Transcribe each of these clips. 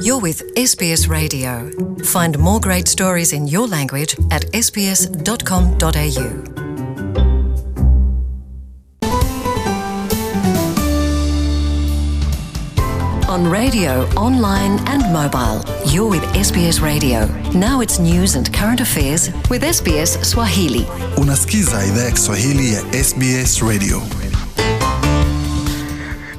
You're with SBS Radio. Find more great stories in your language at sbs.com.au. On radio, online, and mobile, you're with SBS Radio. Now it's news and current affairs with SBS Swahili. Unasikiza idhaa ya ya SBS Radio.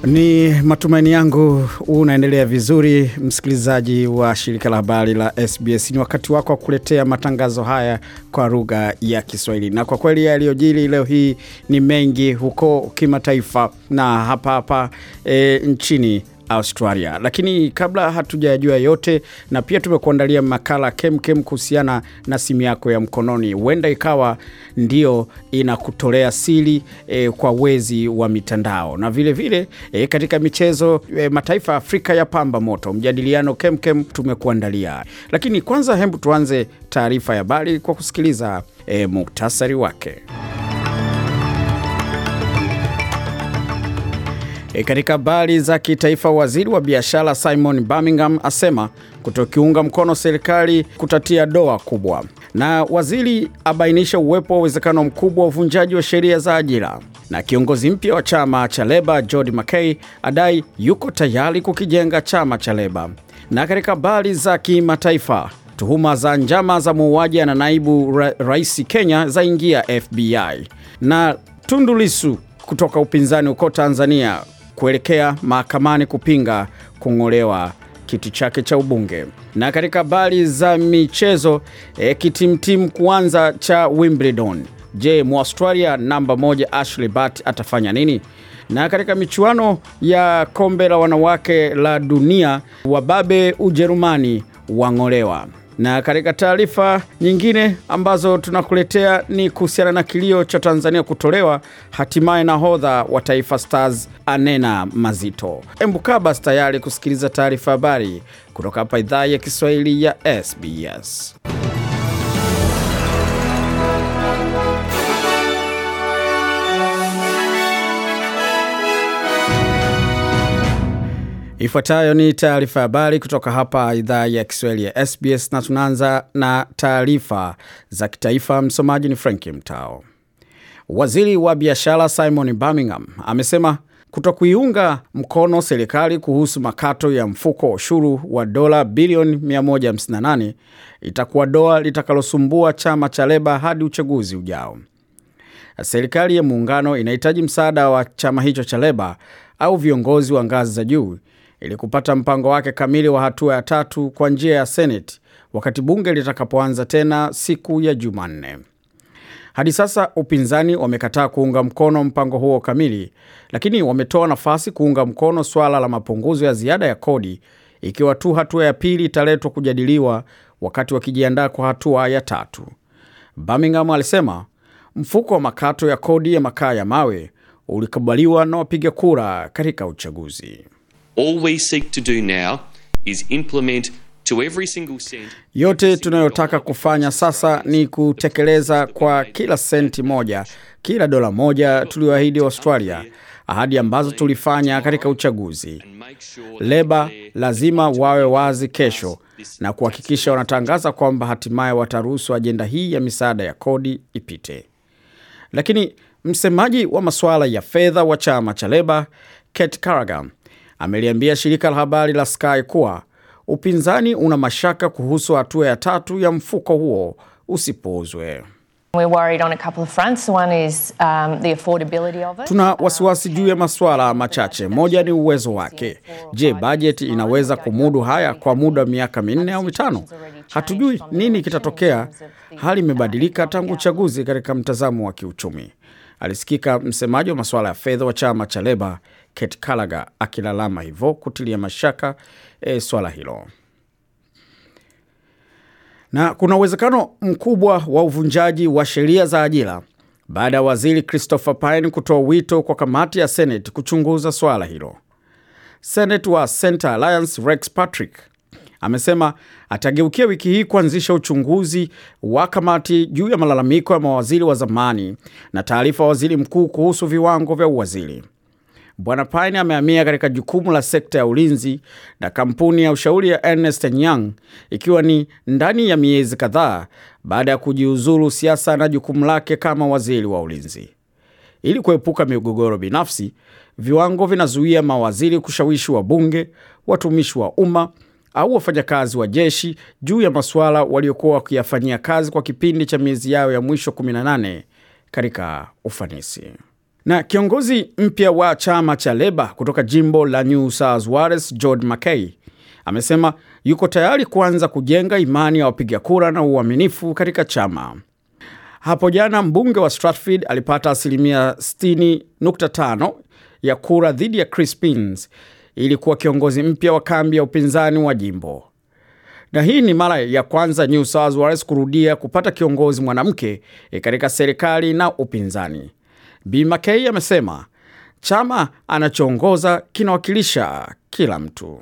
Ni matumaini yangu unaendelea vizuri, msikilizaji wa shirika la habari la SBS. Ni wakati wako wa kuletea matangazo haya kwa lugha ya Kiswahili, na kwa kweli yaliyojiri leo hii ni mengi huko kimataifa na hapa hapa e, nchini Australia. Lakini kabla hatujayajua yote, na pia tumekuandalia makala kemkem kuhusiana na simu yako ya mkononi, huenda ikawa ndio inakutolea siri e, kwa wezi wa mitandao. Na vilevile vile, e, katika michezo e, mataifa Afrika ya pamba moto, mjadiliano kemkem tumekuandalia. Lakini kwanza, hebu tuanze taarifa ya habari kwa kusikiliza e, muktasari wake. E, katika habari za kitaifa, waziri wa biashara Simon Birmingham asema kutokiunga mkono serikali kutatia doa kubwa, na waziri abainisha uwepo wa uwezekano mkubwa wa uvunjaji wa sheria za ajira, na kiongozi mpya wa chama cha Leba George McKay adai yuko tayari kukijenga chama cha Leba. Na katika habari za kimataifa tuhuma za njama za muuaji na naibu ra rais Kenya zaingia FBI na Tundu Lissu kutoka upinzani huko Tanzania kuelekea mahakamani kupinga kung'olewa kiti chake cha ubunge. Na katika habari za michezo e, kitimtimu kuanza cha Wimbledon. Je, muaustralia namba moja Ashley Barty atafanya nini? Na katika michuano ya kombe la wanawake la dunia, wababe Ujerumani wang'olewa. Na katika taarifa nyingine ambazo tunakuletea ni kuhusiana na kilio cha Tanzania kutolewa hatimaye, nahodha wa Taifa Stars anena mazito. Embukabas tayari kusikiliza taarifa habari kutoka hapa idhaa ya Kiswahili ya SBS. Ifuatayo ni taarifa habari kutoka hapa idhaa ya Kiswahili ya SBS na tunaanza na taarifa za kitaifa. Msomaji ni Franki Mtao. Waziri wa biashara Simon Birmingham amesema kutokuiunga mkono serikali kuhusu makato ya mfuko wa ushuru wa dola bilioni 158 itakuwa doa litakalosumbua chama cha Leba hadi uchaguzi ujao. Serikali ya muungano inahitaji msaada wa chama hicho cha Leba au viongozi wa ngazi za juu ili kupata mpango wake kamili wa hatua ya tatu kwa njia ya Seneti wakati bunge litakapoanza tena siku ya Jumanne. Hadi sasa upinzani wamekataa kuunga mkono mpango huo kamili, lakini wametoa nafasi kuunga mkono swala la mapunguzo ya ziada ya kodi ikiwa tu hatua ya pili italetwa kujadiliwa wakati wakijiandaa kwa hatua ya tatu. Birmingham alisema mfuko wa makato ya kodi ya makaa ya mawe ulikubaliwa na wapiga kura katika uchaguzi. Yote tunayotaka kufanya sasa ni kutekeleza kwa kila senti moja, kila dola moja tuliyoahidi Australia, ahadi ambazo tulifanya katika uchaguzi. Leba lazima wawe wazi kesho na kuhakikisha wanatangaza kwamba hatimaye wataruhusu ajenda hii ya misaada ya kodi ipite. Lakini msemaji wa masuala ya fedha wa chama cha Leba, Kate Caraghan ameliambia shirika la habari la Sky kuwa upinzani una mashaka kuhusu hatua ya tatu ya mfuko huo usipuuzwe. Um, Tuna wasiwasi juu ya masuala machache. Moja ni uwezo wake. Je, bajeti inaweza kumudu haya kwa muda wa miaka minne au mitano? Hatujui nini kitatokea. Hali imebadilika tangu uchaguzi katika mtazamo wa kiuchumi, alisikika msemaji wa masuala ya fedha wa chama cha Leba Kate Kalaga akilalama hivyo kutilia mashaka e, swala hilo na kuna uwezekano mkubwa wa uvunjaji wa sheria za ajira baada ya waziri Christopher Pine kutoa wito kwa kamati ya Senate kuchunguza swala hilo. Senate wa Center Alliance Rex Patrick amesema atageukia wiki hii kuanzisha uchunguzi wa kamati juu ya malalamiko ya mawaziri wa zamani na taarifa ya waziri mkuu kuhusu viwango vya uwaziri. Bwana Payne amehamia katika jukumu la sekta ya ulinzi na kampuni ya ushauri ya Ernst Young ikiwa ni ndani ya miezi kadhaa baada ya kujiuzuru siasa na jukumu lake kama waziri wa ulinzi. Ili kuepuka migogoro binafsi, viwango vinazuia mawaziri kushawishi wabunge, watumishi wa umma au wafanyakazi wa jeshi juu ya masuala waliokuwa wakiyafanyia kazi kwa kipindi cha miezi yao ya mwisho 18 katika ufanisi. Na kiongozi mpya wa chama cha Leba kutoka jimbo la New South Wales, George Mackay amesema yuko tayari kuanza kujenga imani ya wapiga kura na uaminifu katika chama. Hapo jana mbunge wa Stratford alipata asilimia 60.5 ya kura dhidi ya Chris Pins ili kuwa kiongozi mpya wa kambi ya upinzani wa jimbo. Na hii ni mara ya kwanza New South Wales kurudia kupata kiongozi mwanamke eh, katika serikali na upinzani. Bi amesema chama anachoongoza kinawakilisha kila mtu.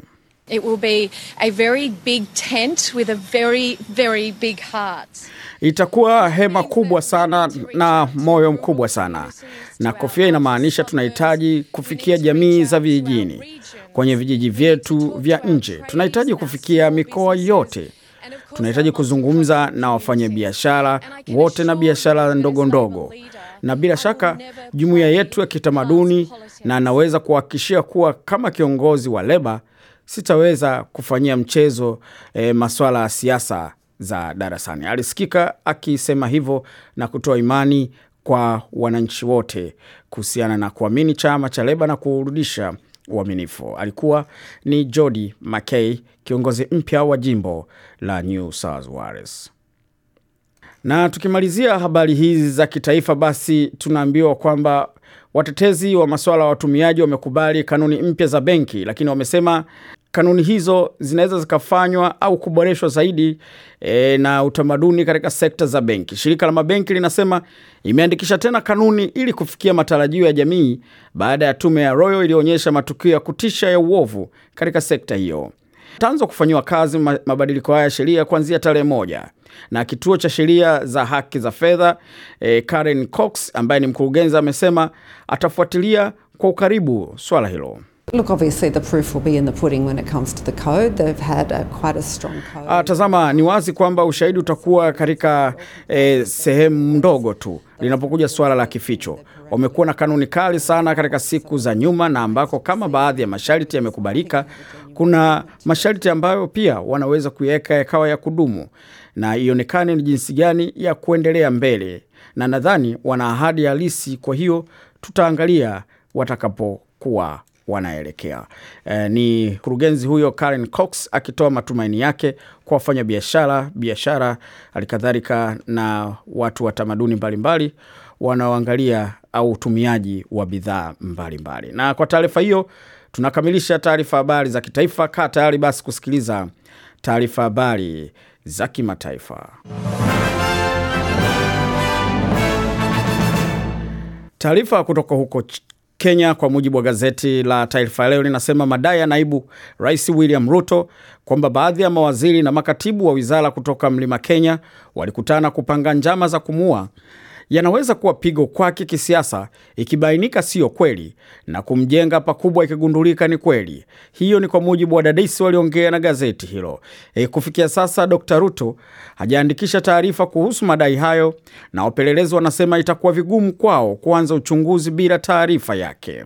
It will be a very big tent with a very, very big heart. Itakuwa hema kubwa sana na moyo mkubwa sana, na kofia inamaanisha tunahitaji kufikia jamii za vijijini kwenye vijiji vyetu vya nje, tunahitaji kufikia mikoa yote, tunahitaji kuzungumza na wafanyabiashara wote na biashara ndogo ndogo na bila shaka jumuiya yetu ya kitamaduni, na anaweza kuhakikishia kuwa kama kiongozi wa Leba sitaweza kufanyia mchezo e, maswala ya siasa za darasani. Alisikika akisema hivyo na kutoa imani kwa wananchi wote kuhusiana na kuamini chama cha Leba na kurudisha uaminifu. Alikuwa ni Jody McKay, kiongozi mpya wa jimbo la New South Wales. Na tukimalizia habari hizi za kitaifa, basi tunaambiwa kwamba watetezi wa masuala ya watumiaji wamekubali kanuni mpya za benki, lakini wamesema kanuni hizo zinaweza zikafanywa au kuboreshwa zaidi e, na utamaduni katika sekta za benki. Shirika la mabenki linasema imeandikisha tena kanuni ili kufikia matarajio ya jamii baada ya tume ya Royal iliyoonyesha matukio ya kutisha ya uovu katika sekta hiyo. Tanzo kufanyiwa kazi mabadiliko haya ya sheria kuanzia tarehe moja. Na kituo cha sheria za haki za fedha e, Karen Cox ambaye ni mkurugenzi amesema atafuatilia kwa ukaribu swala hilo. Tazama, ni wazi kwamba ushahidi utakuwa katika e, sehemu ndogo tu linapokuja suala la kificho. Wamekuwa na kanuni kali sana katika siku za nyuma, na ambako kama baadhi ya masharti yamekubalika, kuna masharti ambayo pia wanaweza kuiweka yakawa ya kudumu na ionekane ni jinsi gani ya kuendelea mbele, na nadhani wana ahadi halisi. Kwa hiyo tutaangalia watakapokuwa wanaelekea. E, ni mkurugenzi huyo Karen Cox akitoa matumaini yake kwa wafanya biashara biashara, halikadhalika na watu wa tamaduni mbalimbali wanaoangalia au utumiaji wa bidhaa mbalimbali. Na kwa taarifa hiyo tunakamilisha taarifa habari za kitaifa. Kaa tayari basi kusikiliza taarifa habari za kimataifa. Taarifa kutoka huko Kenya kwa mujibu wa gazeti la Taifa Leo linasema madai ya naibu rais William Ruto kwamba baadhi ya mawaziri na makatibu wa wizara kutoka mlima Kenya walikutana kupanga njama za kumuua yanaweza kuwa pigo kwake kisiasa ikibainika siyo kweli na kumjenga pakubwa ikigundulika ni kweli. Hiyo ni kwa mujibu wa dadisi waliongea na gazeti hilo. E, kufikia sasa d Ruto hajaandikisha taarifa kuhusu madai hayo na wapelelezi wanasema itakuwa vigumu kwao kuanza uchunguzi bila taarifa yake.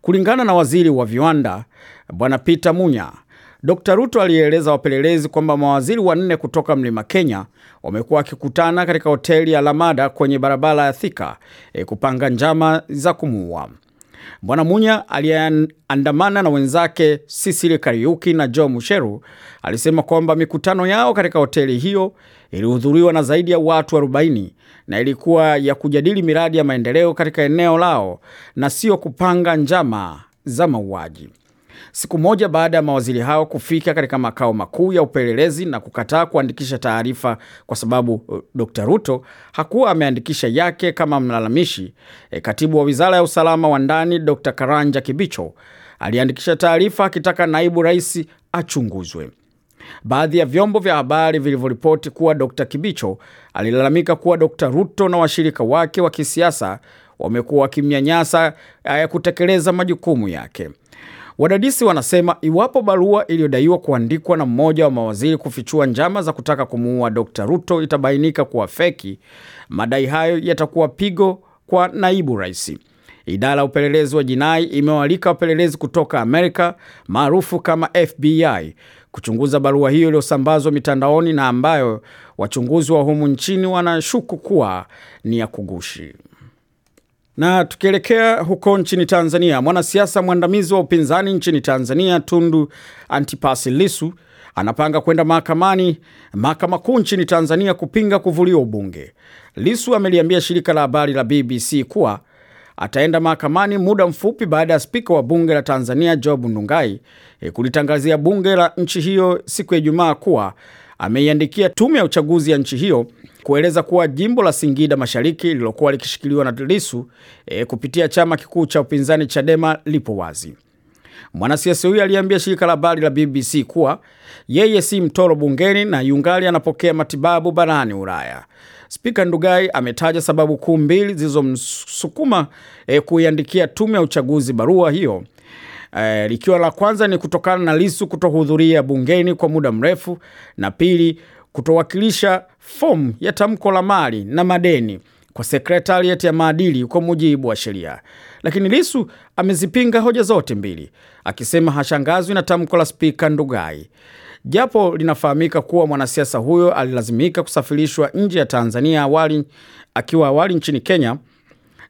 Kulingana na waziri wa viwanda Bwana Peter Munya, Dr. Ruto alieleza wapelelezi kwamba mawaziri wanne kutoka Mlima Kenya wamekuwa wakikutana katika hoteli ya Lamada kwenye barabara ya Thika e, kupanga njama za kumuua. Bwana Munya aliyeandamana na wenzake Sisili Kariuki na Joe Musheru alisema kwamba mikutano yao katika hoteli hiyo ilihudhuriwa na zaidi ya watu 40 na ilikuwa ya kujadili miradi ya maendeleo katika eneo lao na sio kupanga njama za mauaji siku moja baada ya mawaziri hao kufika katika makao makuu ya upelelezi na kukataa kuandikisha taarifa kwa sababu uh, Dr. Ruto hakuwa ameandikisha yake kama mlalamishi. E, katibu wa wizara ya usalama wa ndani d Karanja Kibicho aliandikisha taarifa akitaka naibu rais achunguzwe. Baadhi ya vyombo vya habari vilivyoripoti kuwa Dr. Kibicho alilalamika kuwa d Ruto na washirika wake wa kisiasa wamekuwa wakimnyanyasa ya eh, kutekeleza majukumu yake. Wadadisi wanasema iwapo barua iliyodaiwa kuandikwa na mmoja wa mawaziri kufichua njama za kutaka kumuua Dr. Ruto itabainika kuwa feki, madai hayo yatakuwa pigo kwa naibu rais. Idara ya upelelezi wa jinai imewaalika wapelelezi kutoka Amerika maarufu kama FBI kuchunguza barua hiyo iliyosambazwa mitandaoni na ambayo wachunguzi wa humu nchini wanashuku kuwa ni ya kugushi. Na tukielekea huko nchini Tanzania, mwanasiasa mwandamizi wa upinzani nchini Tanzania Tundu Antipas Lissu anapanga kwenda mahakamani mahakama kuu nchini Tanzania kupinga kuvuliwa ubunge. Lissu ameliambia shirika la habari la BBC kuwa ataenda mahakamani muda mfupi baada ya spika wa bunge la Tanzania Job Ndugai e, kulitangazia bunge la nchi hiyo siku ya Ijumaa kuwa ameiandikia tume ya uchaguzi ya nchi hiyo kueleza kuwa jimbo la Singida Mashariki lililokuwa likishikiliwa na Lisu e, kupitia chama kikuu cha upinzani Chadema lipo wazi. Mwanasiasa huyo aliambia shirika la habari la BBC kuwa yeye si mtoro bungeni na yungali anapokea matibabu barani Ulaya. Spika Ndugai ametaja sababu kuu mbili zilizomsukuma e, kuiandikia tume ya uchaguzi barua hiyo e, likiwa la kwanza ni kutokana na Lisu kutohudhuria bungeni kwa muda mrefu na pili kutowakilisha fomu ya tamko la mali na madeni kwa sekretariat ya maadili kwa mujibu wa sheria. Lakini Lisu amezipinga hoja zote mbili, akisema hashangazwi na tamko la spika Ndugai, japo linafahamika kuwa mwanasiasa huyo alilazimika kusafirishwa nje ya Tanzania awali, akiwa awali nchini Kenya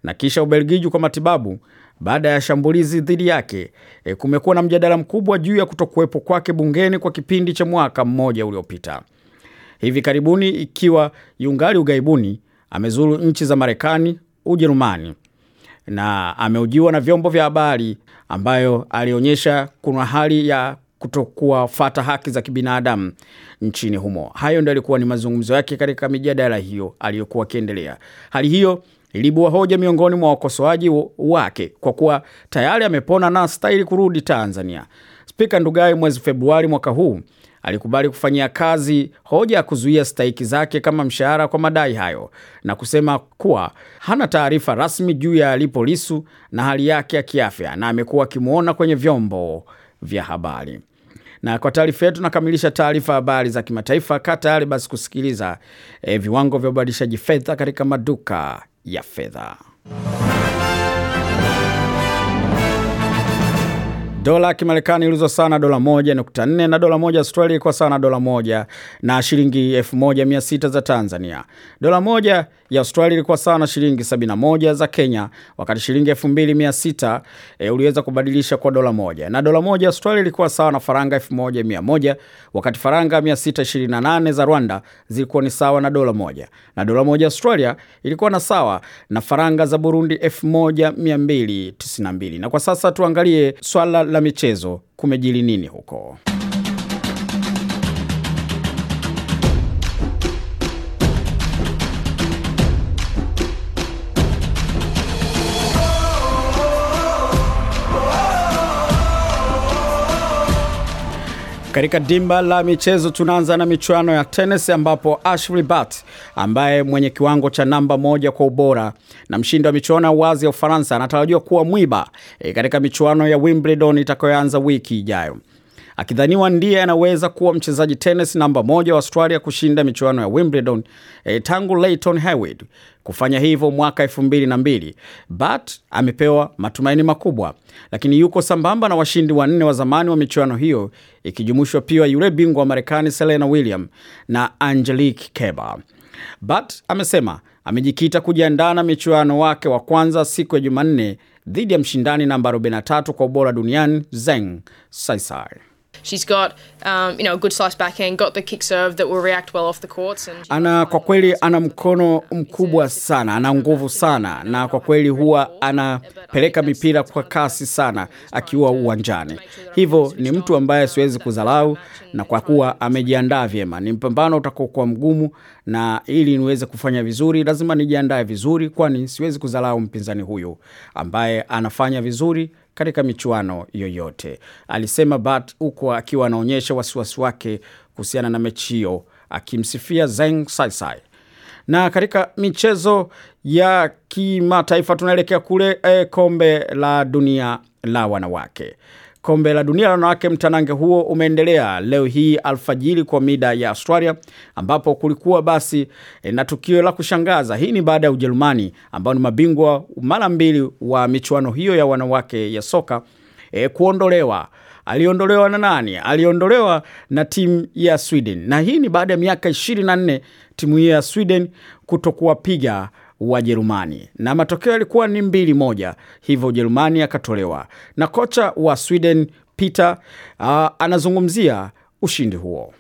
na kisha Ubelgiji kwa matibabu baada ya shambulizi dhidi yake. E, kumekuwa na mjadala mkubwa juu ya kutokuwepo kwake bungeni kwa kipindi cha mwaka mmoja uliopita hivi karibuni ikiwa yungali ugaibuni amezuru nchi za Marekani, Ujerumani na ameujiwa na vyombo vya habari ambayo alionyesha kuna hali ya kutokuwafata haki za kibinadamu nchini humo. Hayo ndio alikuwa ni mazungumzo yake katika mijadala hiyo aliyokuwa akiendelea. Hali hiyo ilibua hoja miongoni mwa wakosoaji wake kwa kuwa tayari amepona na stahili kurudi Tanzania. Spika Ndugai mwezi Februari mwaka huu alikubali kufanyia kazi hoja ya kuzuia stahiki zake kama mshahara kwa madai hayo na kusema kuwa hana taarifa rasmi juu ya alipo lisu na hali yake ya kiafya na amekuwa akimwona kwenye vyombo vya habari. Na kwa taarifa yetu nakamilisha taarifa habari za kimataifa. Kaa tayari basi kusikiliza e, viwango vya ubadilishaji fedha katika maduka ya fedha. Dola ya Kimarekani iliuzwa sana dola moja nukta nne na dola moja Australia ilikuwa sana dola moja na shilingi elfu moja mia sita za Tanzania. Dola moja ya Australia ilikuwa sana shilingi sabini na moja za Kenya, wakati shilingi elfu mbili mia sita e, uliweza kubadilisha kwa dola moja. Na dola moja ya Australia ilikuwa sawa na faranga elfu moja mia moja wakati faranga mia sita ishirini na nane za Rwanda zilikuwa ni sawa na dola moja. Na dola moja ya Australia ilikuwa na sawa na faranga za Burundi elfu moja mia mbili tisini na mbili. Na kwa sasa tuangalie swala la michezo, kumejili nini huko? Katika dimba la michezo tunaanza na michuano ya tenis ambapo Ashleigh Barty ambaye mwenye kiwango cha namba moja kwa ubora na mshindi wa michuano ya wazi ya Ufaransa anatarajiwa kuwa mwiba e, katika michuano ya Wimbledon itakayoanza wiki ijayo akidhaniwa ndiye anaweza kuwa mchezaji tenis namba moja wa Australia kushinda michuano ya Wimbledon eh, tangu Leighton Hewitt kufanya hivyo mwaka elfu mbili na mbili. But amepewa matumaini makubwa, lakini yuko sambamba na washindi wanne wa zamani wa michuano hiyo ikijumuishwa pia yule bingwa wa Marekani Serena Williams na Angelique Kerber. But amesema amejikita kujiandaa na michuano wake wa kwanza siku ya Jumanne dhidi ya mshindani namba 43 kwa ubora duniani Zeng Saisai. She's got, um, you know, a good slice backhand, got the kick serve that will react well off the courts and ana kwa kweli ana mkono um, mkubwa sana, ana nguvu sana na kwa kweli huwa anapeleka mipira kwa kasi sana akiwa uwanjani. Hivyo ni mtu ambaye um, siwezi kudharau na kwa kuwa amejiandaa vyema. Ni mpambano utakokuwa mgumu na ili niweze kufanya vizuri lazima nijiandae vizuri kwani siwezi kudharau mpinzani huyu ambaye anafanya vizuri katika michuano yoyote, alisema Bat huku akiwa anaonyesha wasiwasi wake kuhusiana na mechi hiyo, akimsifia Zeng Saisai. Na katika michezo ya kimataifa tunaelekea kule eh, kombe la dunia la wanawake. Kombe la dunia la wanawake, mtanange huo umeendelea leo hii alfajiri kwa mida ya Australia, ambapo kulikuwa basi e, na tukio la kushangaza. Hii ni baada ya Ujerumani ambao ni mabingwa mara mbili wa michuano hiyo ya wanawake ya soka e, kuondolewa aliondolewa na nani? Aliondolewa na timu ya Sweden, na hii ni baada ya miaka 24 timu hiyo ya Sweden kutokuwapiga Wajerumani na matokeo yalikuwa ni mbili moja, hivyo Ujerumani akatolewa. Na kocha wa Sweden Peter uh, anazungumzia ushindi huo.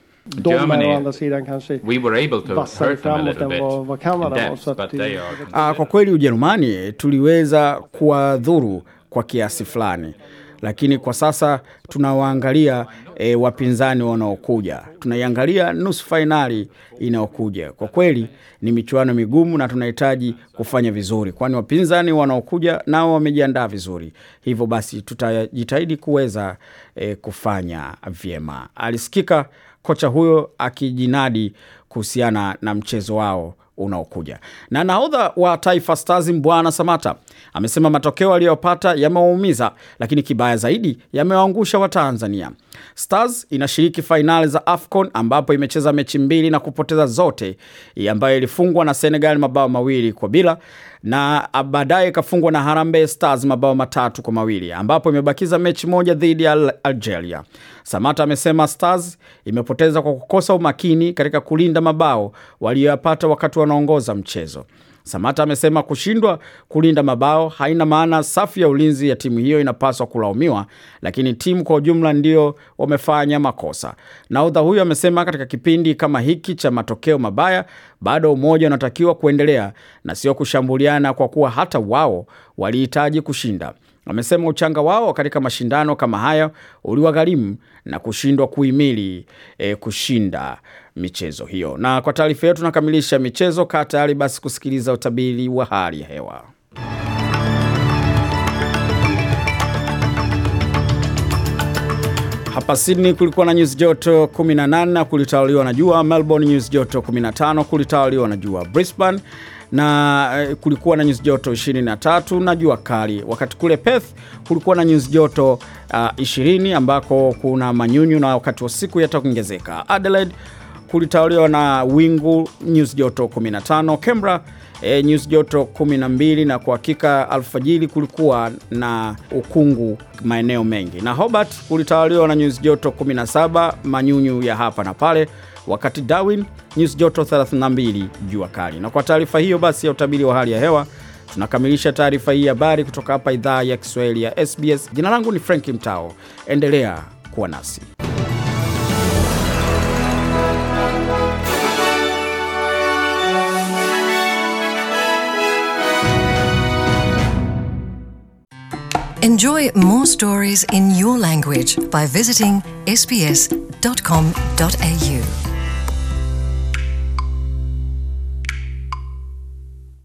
Uh, kwa kweli Ujerumani tuliweza kuwadhuru kwa kiasi fulani lakini kwa sasa tunawaangalia e, wapinzani wanaokuja, tunaiangalia nusu fainali inayokuja. Kwa kweli ni michuano migumu na tunahitaji kufanya vizuri, kwani wapinzani wanaokuja nao wamejiandaa vizuri. Hivyo basi tutajitahidi kuweza e, kufanya vyema. Alisikika kocha huyo akijinadi kuhusiana na mchezo wao unaokuja. Na nahodha wa Taifa Stars Mbwana Samata amesema matokeo aliyopata yamewaumiza, lakini kibaya zaidi yamewaangusha Watanzania. Stars inashiriki fainali za AFCON ambapo imecheza mechi mbili na kupoteza zote, ambayo ilifungwa na Senegal mabao mawili kwa bila na baadaye ikafungwa na Harambee Stars mabao matatu kwa mawili ambapo imebakiza mechi moja dhidi ya Algeria. Samata amesema Stars imepoteza kwa kukosa umakini katika kulinda mabao waliyoyapata wakati wanaongoza mchezo. Samata amesema kushindwa kulinda mabao haina maana safu ya ulinzi ya timu hiyo inapaswa kulaumiwa, lakini timu kwa ujumla ndio wamefanya makosa. naudha huyo amesema katika kipindi kama hiki cha matokeo mabaya, bado umoja unatakiwa kuendelea na sio kushambuliana, kwa kuwa hata wao walihitaji kushinda. Amesema uchanga wao katika mashindano kama hayo uliwagharimu na kushindwa kuhimili e, kushinda michezo hiyo. Na kwa taarifa hiyo tunakamilisha michezo. Kaa tayari basi kusikiliza utabiri wa hali ya hewa. Hapa Sydney kulikuwa na nyuzi joto 18, kulitawaliwa na jua. Melbourne nyuzi joto 15, kulitawaliwa na jua. Brisbane na eh, kulikuwa na nyuzi joto 23 na jua kali, wakati kule Perth kulikuwa na nyuzi joto uh, ah, 20 ambako kuna manyunyu na wakati wa siku yatakuongezeka. Adelaide kulitawaliwa na wingu nyuzi joto 15, Canberra e, nyuzi joto 12, na kwa hakika alfajiri kulikuwa na ukungu maeneo mengi, na Hobart kulitawaliwa na nyuzi joto 17, manyunyu ya hapa na pale, wakati Darwin nyuzi joto 32, jua kali. Na kwa taarifa hiyo basi ya utabiri wa hali ya hewa tunakamilisha taarifa hii habari kutoka hapa idhaa ya Kiswahili ya SBS. Jina langu ni Frank Mtao, endelea kuwa nasi. Enjoy more stories in your language by visiting sbs.com.au.